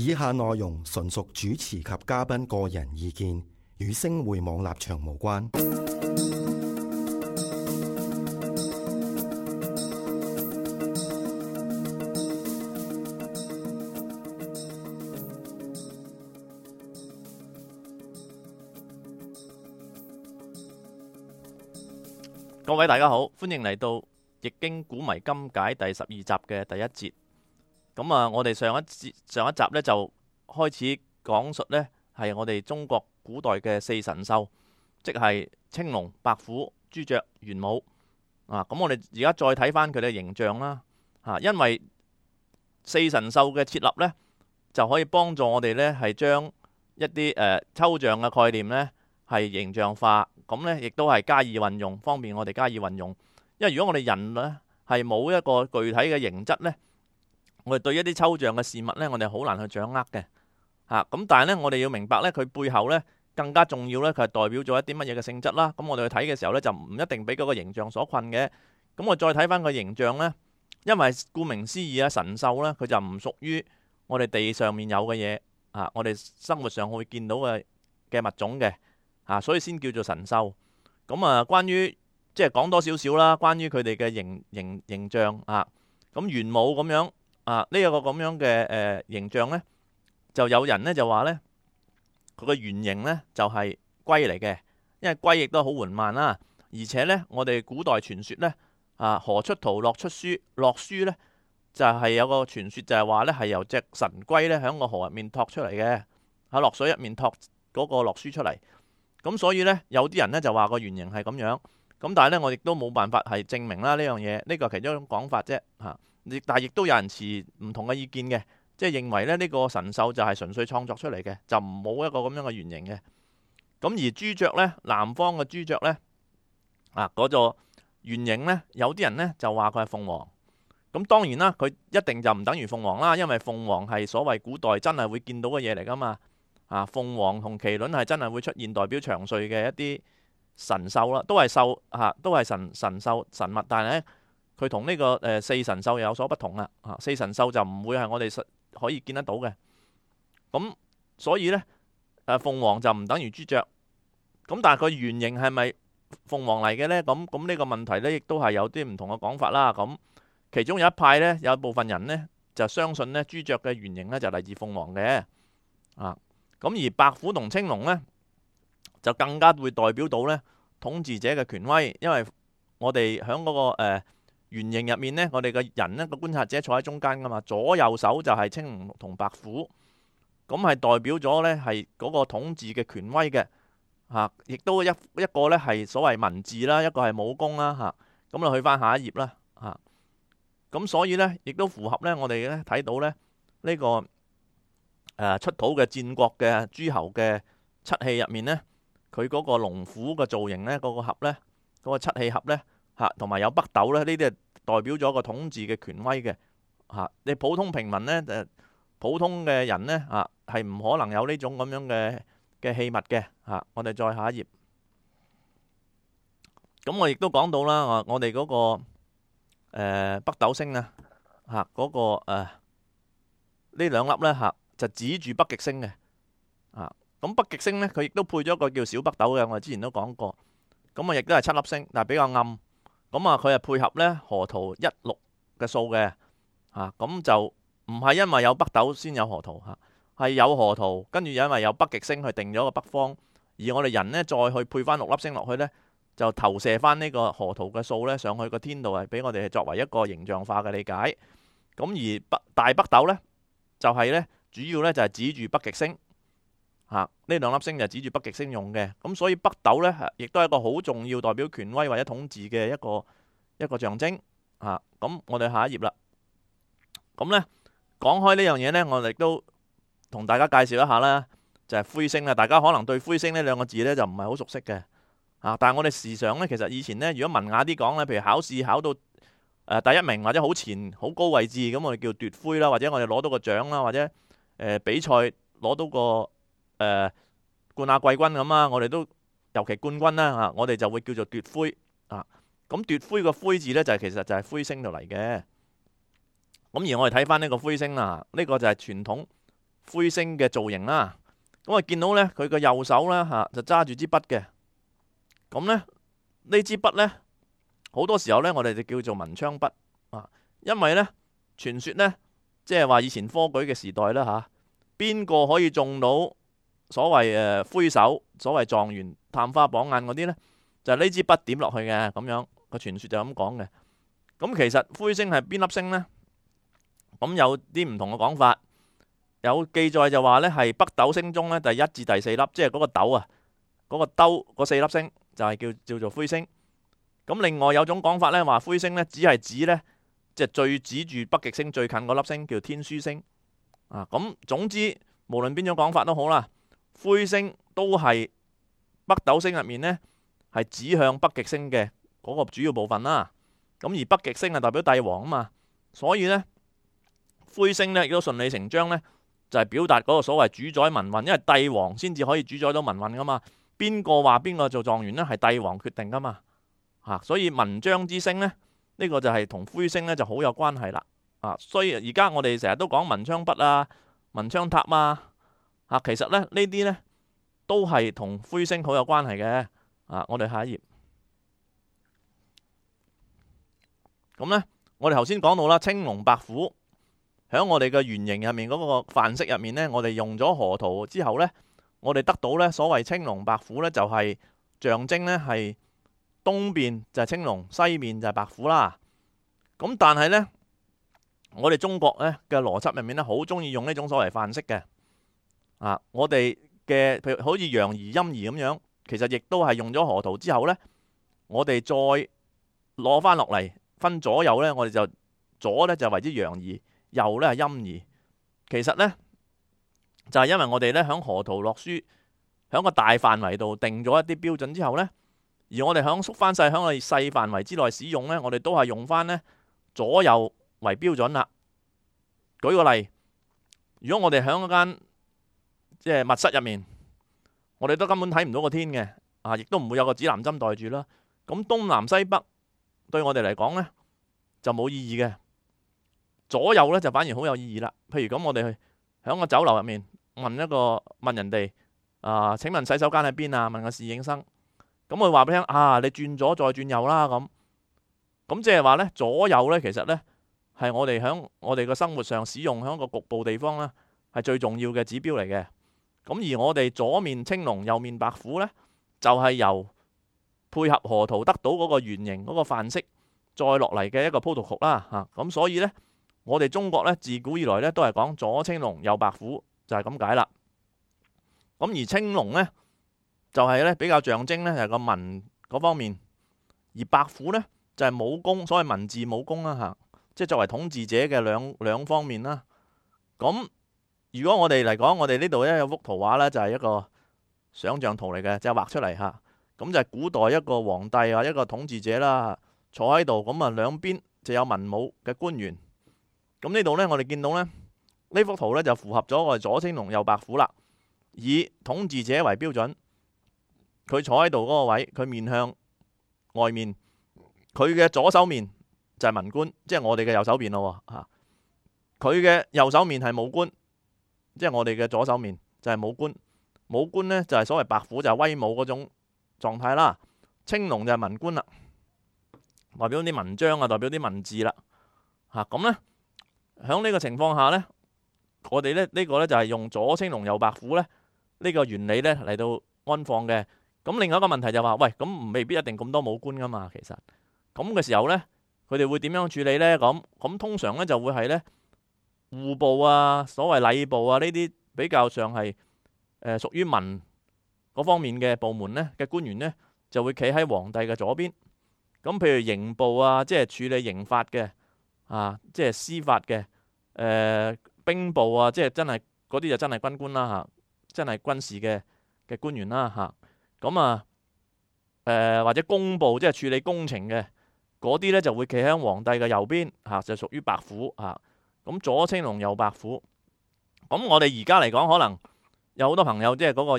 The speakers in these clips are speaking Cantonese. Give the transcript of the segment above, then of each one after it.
以下內容純屬主持及嘉賓個人意見，與星匯網立場無關。各位大家好，歡迎嚟到《易經古謎今解》第十二集嘅第一節。咁啊，我哋上一節、上一集咧就開始講述呢，係我哋中國古代嘅四神獸，即係青龍、白虎、朱雀、玄武。啊，咁我哋而家再睇翻佢哋形象啦。啊，因為四神獸嘅設立呢，就可以幫助我哋呢，係將一啲誒、呃、抽象嘅概念呢，係形象化，咁呢，亦都係加以運用，方便我哋加以運用。因為如果我哋人呢，係冇一個具體嘅形質呢。我哋對一啲抽象嘅事物呢，我哋好難去掌握嘅嚇。咁但係呢，我哋要明白呢，佢背後呢，更加重要呢，佢係代表咗一啲乜嘢嘅性質啦。咁我哋去睇嘅時候呢，就唔一定俾嗰個形象所困嘅。咁我再睇翻個形象呢，因為顧名思義啊，神獸呢，佢就唔屬於我哋地上面有嘅嘢啊，我哋生活上會見到嘅嘅物種嘅嚇，所以先叫做神獸。咁啊，關於即係講多少少啦，關於佢哋嘅形形形象啊，咁玄武咁樣。啊！呢、這、一個咁樣嘅誒、呃、形象呢，就有人呢就話呢，佢個原型呢就係龜嚟嘅，因為龜亦都好緩慢啦。而且呢，我哋古代傳說呢，「啊，河出圖，洛出書，洛書呢就係、是、有個傳說就係話呢係由隻神龜呢喺個河入面托出嚟嘅，喺洛水入面托嗰個洛書出嚟。咁所以呢，有啲人呢就話個原型係咁樣。咁但係呢，我亦都冇辦法係證明啦呢樣嘢，呢、這個係其中一種講法啫嚇。啊亦但係亦都有人持唔同嘅意見嘅，即係認為咧呢個神獸就係純粹創作出嚟嘅，就冇一個咁樣嘅原型嘅。咁而朱雀呢，南方嘅朱雀呢，啊嗰個原型呢，有啲人呢就話佢係鳳凰。咁當然啦，佢一定就唔等於鳳凰啦，因為鳳凰係所謂古代真係會見到嘅嘢嚟噶嘛。啊，鳳凰同麒麟係真係會出現代表祥瑞嘅一啲神獸啦，都係獸吓，都係神神獸神物，但係呢。佢同呢個誒四神獸有所不同啦，嚇四神獸就唔會係我哋實可以見得到嘅。咁所以呢，誒鳳凰就唔等於朱雀。咁但係個原型係咪鳳凰嚟嘅呢？咁咁呢個問題呢，亦都係有啲唔同嘅講法啦。咁其中有一派呢，有部分人呢，就相信呢朱雀嘅原型呢，就嚟自鳳凰嘅。啊，咁而白虎同青龍呢，就更加會代表到呢統治者嘅權威，因為我哋喺嗰個、呃圓形入面呢，我哋嘅人呢個觀察者坐喺中間噶嘛，左右手就係青龍同白虎，咁係代表咗呢係嗰個統治嘅權威嘅，嚇、啊，亦都一一個呢係所謂文字啦，一個係武功啦，嚇、啊，咁啊去翻下頁啦，嚇，咁所以呢，亦都符合呢我哋呢睇到呢呢、呢個誒、呃、出土嘅戰國嘅諸侯嘅漆器入面呢，佢嗰個龍虎嘅造型呢，嗰、嗰個盒呢，嗰、嗰個漆器盒呢。嚇，同埋有北斗呢，呢啲係代表咗個統治嘅權威嘅嚇、啊。你普通平民呢，誒普通嘅人呢，嚇、啊，係唔可能有呢種咁樣嘅嘅器物嘅嚇、啊。我哋再下頁咁，我亦都講到啦。我哋嗰、那個、呃、北斗星啊嚇，嗰、那個呃、個呢兩粒呢，嚇、啊、就指住北極星嘅啊。咁北極星呢，佢亦都配咗個叫小北斗嘅。我哋之前都講過，咁啊亦都係七粒星，但係比較暗。咁啊，佢係配合咧河圖一六嘅數嘅，啊咁就唔係因為有北斗先有河圖吓，係有河圖，跟住因為有北極星去定咗個北方，而我哋人呢再去配翻六粒星落去呢，就投射翻呢個河圖嘅數呢上去個天度，係，俾我哋作為一個形象化嘅理解。咁而北大北斗呢，就係、是、呢主要呢就係指住北極星。吓，呢兩粒星就指住北極星用嘅，咁所以北斗呢，亦都係一個好重要，代表權威或者統治嘅一個一個象徵吓。咁、啊嗯、我哋下一頁啦。咁、嗯、呢講開呢樣嘢呢，我哋都同大家介紹一下啦，就係、是、魁星啦。大家可能對魁星呢兩個字呢就唔係好熟悉嘅啊。但係我哋時常呢，其實以前呢，如果文雅啲講呢，譬如考試考到、呃、第一名或者好前好高位置，咁、嗯、我哋叫奪魁」啦，或者我哋攞到個獎啦，或者、呃、比賽攞到個。誒、呃、冠亞季軍咁啊！我哋都尤其冠軍啦。嚇，我哋就會叫做奪魁。啊。咁奪魁個魁字呢」字咧，就係其實就係魁星」星度嚟嘅。咁而我哋睇翻呢個魁星」星、啊、啦，呢、這個就係傳統魁」星嘅造型啦。咁啊，啊，見到咧佢個右手咧嚇、啊，就揸住支筆嘅。咁咧呢支筆咧好多時候咧，我哋就叫做文昌筆啊，因為咧傳說咧即係話以前科舉嘅時代啦嚇，邊、啊、個可以中到？所謂誒魁首，所謂狀元探花榜眼嗰啲呢，就係、是、呢支筆點落去嘅，咁樣個傳説就咁講嘅。咁其實魁星係邊粒星呢？咁有啲唔同嘅講法。有記載就話呢係北斗星中呢，第一至第四粒，即係嗰個斗啊，嗰、那個兜嗰四粒星就係叫叫做魁星。咁另外有種講法呢，話魁星呢只係指呢，即係最指住北極星最近嗰粒星叫天樞星啊。咁總之無論邊種講法都好啦。魁星都係北斗星入面呢，係指向北極星嘅嗰個主要部分啦、啊。咁而北極星啊，係代表帝王啊嘛。所以呢魁星呢亦都順理成章呢，就係、是、表達嗰個所謂主宰文運，因為帝王先至可以主宰到文運噶嘛。邊個話邊個做狀元呢，係帝王決定噶嘛。嚇，所以文章之星呢，呢、這個就係同魁星呢就好有關係啦。啊，所以而家我哋成日都講文昌筆啊、文昌塔嘛、啊。啊，其實咧呢啲呢都係同灰星好有關係嘅。啊，我哋下一頁。咁呢，我哋頭先講到啦，青龍白虎喺我哋嘅圓形入面嗰個範式入面呢，我哋用咗河圖之後呢，我哋得到呢所謂青龍白虎呢，就係象徵呢係東邊就係青龍，西面就係白虎啦。咁但係呢，我哋中國呢嘅邏輯入面呢，好中意用呢種所謂範式嘅。啊！我哋嘅譬如好似陽兒陰兒咁樣，其實亦都係用咗河圖之後呢，我哋再攞翻落嚟分左右呢，我哋就左呢就為之陽兒，右呢係陰兒。其實呢，就係因為我哋呢喺河圖落書，喺個大範圍度定咗一啲標準之後呢。而我哋喺縮翻細喺我哋細範圍之內使用呢，我哋都係用翻呢左右為標準啦。舉個例，如果我哋喺一間，即係密室入面，我哋都根本睇唔到個天嘅啊！亦都唔會有個指南針袋住啦。咁、啊、東南西北對我哋嚟講呢，就冇意義嘅，左右呢，就反而好有意義啦。譬如咁，我哋去，響個酒樓入面問一個問人哋啊，請問洗手間喺邊啊？問個侍應生咁佢話俾你聽啊，你轉左再轉右啦。咁咁即係話呢，左右呢，其實呢，係我哋響我哋嘅生活上使用響個局部地方呢，係最重要嘅指標嚟嘅。咁而我哋左面青龍，右面白虎呢，就係由配合河圖得到嗰個圓形嗰個範式再落嚟嘅一個鋪圖局啦嚇。咁所以呢，我哋中國呢自古以來呢，都係講左青龍右白虎，就係咁解啦。咁而青龍呢就係呢，比較象徵呢係個文嗰方面，而白虎呢就係武功，所謂文字武功啦嚇，即係作為統治者嘅兩兩方面啦。咁如果我哋嚟講，我哋呢度呢，有幅圖畫呢，就係一個想象圖嚟嘅，就係畫出嚟吓。咁就係古代一個皇帝啊，一個統治者啦，坐喺度。咁啊，兩邊就有文武嘅官員。咁呢度呢，我哋見到呢，呢幅圖呢，就符合咗我哋左青龍右白虎啦。以統治者為標準，佢坐喺度嗰個位，佢面向外面，佢嘅左手面就係文官，即係我哋嘅右手面咯吓。佢嘅右手面係武官。即係我哋嘅左手面就係武官，武官呢，就係所謂白虎，就係威武嗰種狀態啦。青龍就係文官啦，代表啲文章啊，代表啲文字啦。嚇咁呢，喺呢個情況下呢，我哋呢呢個呢，就係用左青龍右白虎呢呢個原理呢嚟到安放嘅。咁另外一個問題就話，喂，咁未必一定咁多武官噶嘛，其實咁嘅時候呢，佢哋會點樣處理呢？咁咁通常呢，就會係呢。戶部啊，所謂禮部啊，呢啲比較上係誒屬於文嗰方面嘅部門咧嘅官員咧，就會企喺皇帝嘅左邊。咁譬如刑部啊，即係處理刑法嘅啊，即係司法嘅誒、呃、兵部啊，即係真係嗰啲就真係軍官啦吓、啊，真係軍事嘅嘅官員啦吓。咁啊誒、啊呃、或者工部即係處理工程嘅嗰啲咧，就會企喺皇帝嘅右邊吓、啊，就屬於白虎吓。啊咁左青龍右白虎，咁我哋而家嚟講，可能有好多朋友即係嗰個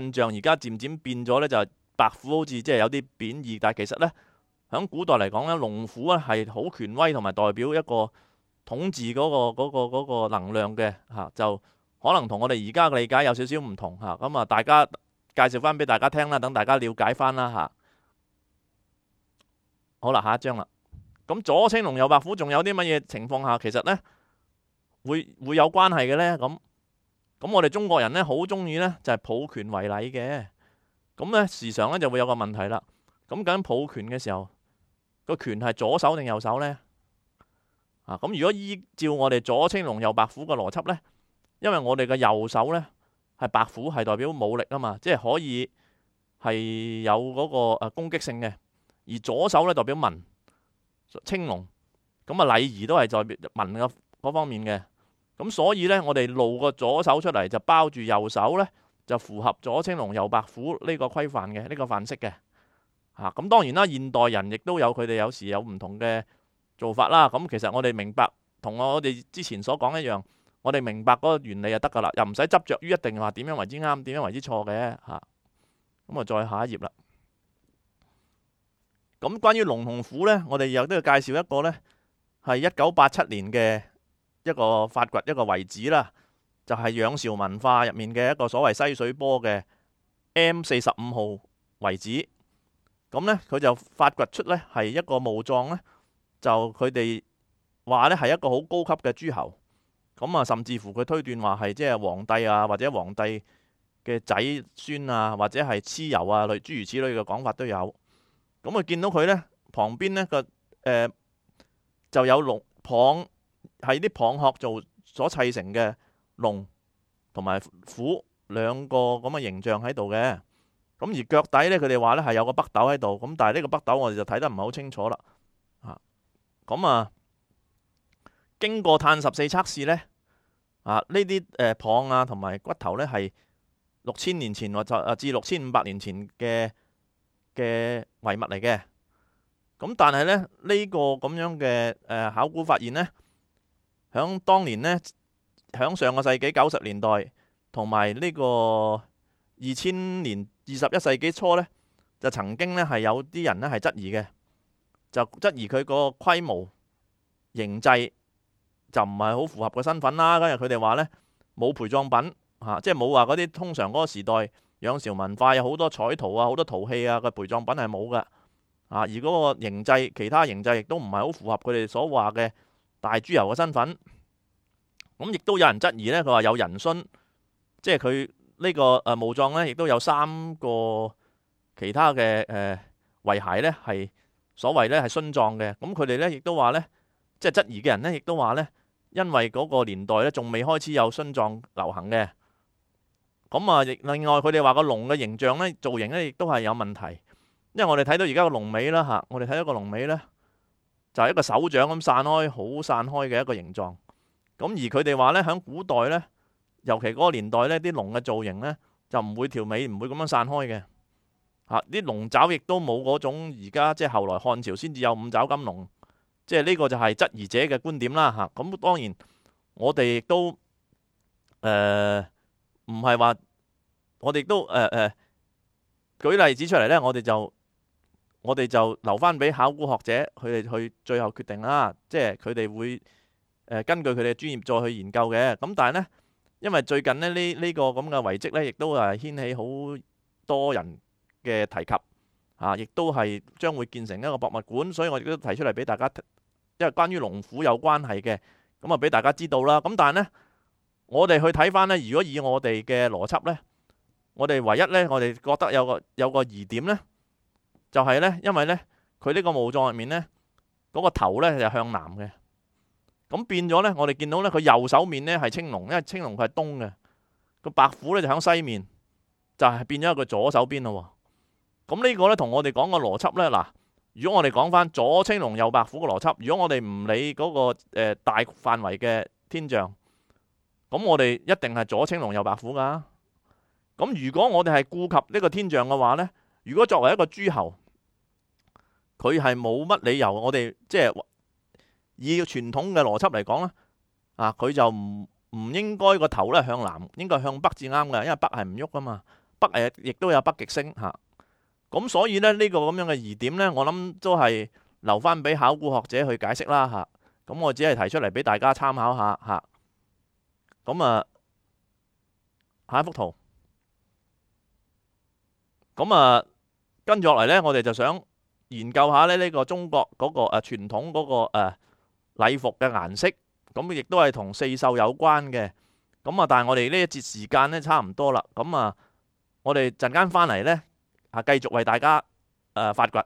印象，而家漸漸變咗呢，就白虎好似即係有啲貶義，但係其實呢，喺古代嚟講呢，龍虎咧係好權威同埋代表一個統治嗰個嗰個嗰個能量嘅嚇，就可能同我哋而家嘅理解有少少唔同嚇，咁啊，大家介紹翻俾大家聽啦，等大家了解翻啦嚇。好啦，下一章啦。咁左青龍右白虎，仲有啲乜嘢情況下，其實呢會,會有關係嘅呢。咁咁，我哋中國人呢，好中意呢就係、是、抱拳為禮嘅。咁呢時常呢就會有個問題啦。咁究竟抱拳嘅時候，個拳係左手定右手呢？咁、啊、如果依照我哋左青龍右白虎嘅邏輯呢，因為我哋嘅右手呢係白虎，係代表武力啊嘛，即係可以係有嗰個誒攻擊性嘅，而左手呢，代表文。青龍，咁啊禮儀都係在文嘅方面嘅，咁所以呢，我哋露個左手出嚟就包住右手呢，就符合左青龍右白虎呢個規範嘅呢個範式嘅，吓、啊、咁當然啦，現代人亦都有佢哋有時有唔同嘅做法啦，咁、啊、其實我哋明白同我哋之前所講一樣，我哋明白嗰個原理就得噶啦，又唔使執着於一定話點樣為之啱，點樣為之錯嘅，吓、啊，咁啊再下一頁啦。咁關於龍同虎呢，我哋又都要介紹一個呢，係一九八七年嘅一個發掘一個遺址啦，就係仰韶文化入面嘅一個所謂西水坡嘅 M 四十五號遺址。咁呢，佢就發掘出呢，係一個墓葬呢，就佢哋話呢係一個好高級嘅諸侯，咁啊甚至乎佢推斷話係即係黃帝啊，或者黃帝嘅仔孫啊，或者係蚩尤啊類，諸如此類嘅講法都有。咁啊，見到佢咧，旁邊呢個誒就有龍蚌，係啲蚌殼做所砌成嘅龍同埋虎兩個咁嘅形象喺度嘅。咁而腳底咧，佢哋話咧係有個北斗喺度。咁但係呢個北斗我哋就睇得唔係好清楚啦。啊，咁啊，經過碳十四測試咧，啊呢啲誒蚌啊同埋骨頭咧係六千年前或就啊至六千五百年前嘅嘅遺物嚟嘅，咁但係呢，呢個咁樣嘅誒考古發現呢，喺當年呢，響上個世紀九十年代同埋呢個二千年二十一世紀初呢，就曾經呢係有啲人呢係質疑嘅，就質疑佢個規模形制就唔係好符合個身份啦。跟住佢哋話呢，冇陪葬品吓，即係冇話嗰啲通常嗰個時代。仰韶文化有好多彩陶啊，好多陶器啊嘅陪葬品係冇嘅，啊而嗰個形制，其他形制亦都唔係好符合佢哋所話嘅大豬油嘅身份。咁亦都有人質疑呢，佢話有人殉，即係佢呢個誒墓葬呢，亦都有三個其他嘅誒遺骸呢，係所謂呢係殉葬嘅。咁佢哋呢，亦都話呢，即係質疑嘅人呢，亦都話呢，因為嗰個年代呢，仲未開始有殉葬流行嘅。咁啊！亦另外，佢哋話個龍嘅形象咧，造型咧，亦都係有問題。因為我哋睇到而家個龍尾啦，吓，我哋睇到個龍尾咧，就係一個手掌咁散開，好散開嘅一個形狀。咁而佢哋話咧，喺古代咧，尤其嗰個年代咧，啲龍嘅造型咧，就唔會條尾唔會咁樣散開嘅。吓，啲龍爪亦都冇嗰種而家即係後來漢朝先至有五爪金龍，即係呢個就係質疑者嘅觀點啦。吓，咁當然我哋亦都誒、呃。唔係話我哋都誒誒舉例子出嚟呢，我哋就我哋就留翻俾考古學者佢哋去最後決定啦。即係佢哋會、呃、根據佢哋嘅專業再去研究嘅。咁但係呢，因為最近咧呢呢個咁嘅遺跡呢，亦、這個這個這個、都係掀起好多人嘅提及啊，亦都係將會建成一個博物館，所以我亦都提出嚟俾大家，因為關於龍虎有關係嘅，咁啊俾大家知道啦。咁但係呢。我哋去睇翻呢，如果以我哋嘅邏輯呢，我哋唯一呢，我哋覺得有個有個疑點呢，就係呢，因為呢，佢呢個墓葬入面呢，嗰個頭呢係向南嘅，咁變咗呢，我哋見到呢，佢右手面呢係青龍，因為青龍佢係東嘅，個白虎呢就喺西面，就係變咗一個左手邊咯。咁呢個呢，同我哋講個邏輯呢，嗱，如果我哋講翻左青龍右白虎嘅邏輯，如果我哋唔理嗰個誒大範圍嘅天象。咁我哋一定係左青龍右白虎噶。咁如果我哋係顧及呢個天象嘅話呢，如果作為一個諸侯，佢係冇乜理由我、啊，我哋即係以傳統嘅邏輯嚟講呢啊，佢就唔唔應該個頭咧向南，應該向北至啱嘅，因為北係唔喐啊嘛。北亦都有北極星嚇。咁、啊、所以呢，呢、呢個咁樣嘅疑點呢，我諗都係留翻俾考古學者去解釋啦嚇。咁、啊、我只係提出嚟俾大家參考下、啊咁啊，下一幅圖。咁啊，跟住落嚟呢，我哋就想研究下呢個中國嗰、那個誒傳、啊、統嗰、那個誒禮、啊、服嘅顏色。咁亦都係同四獸有關嘅。咁啊，但係我哋呢一節時間呢，差唔多啦。咁啊，我哋陣間翻嚟呢，啊，繼續為大家誒、啊、發掘。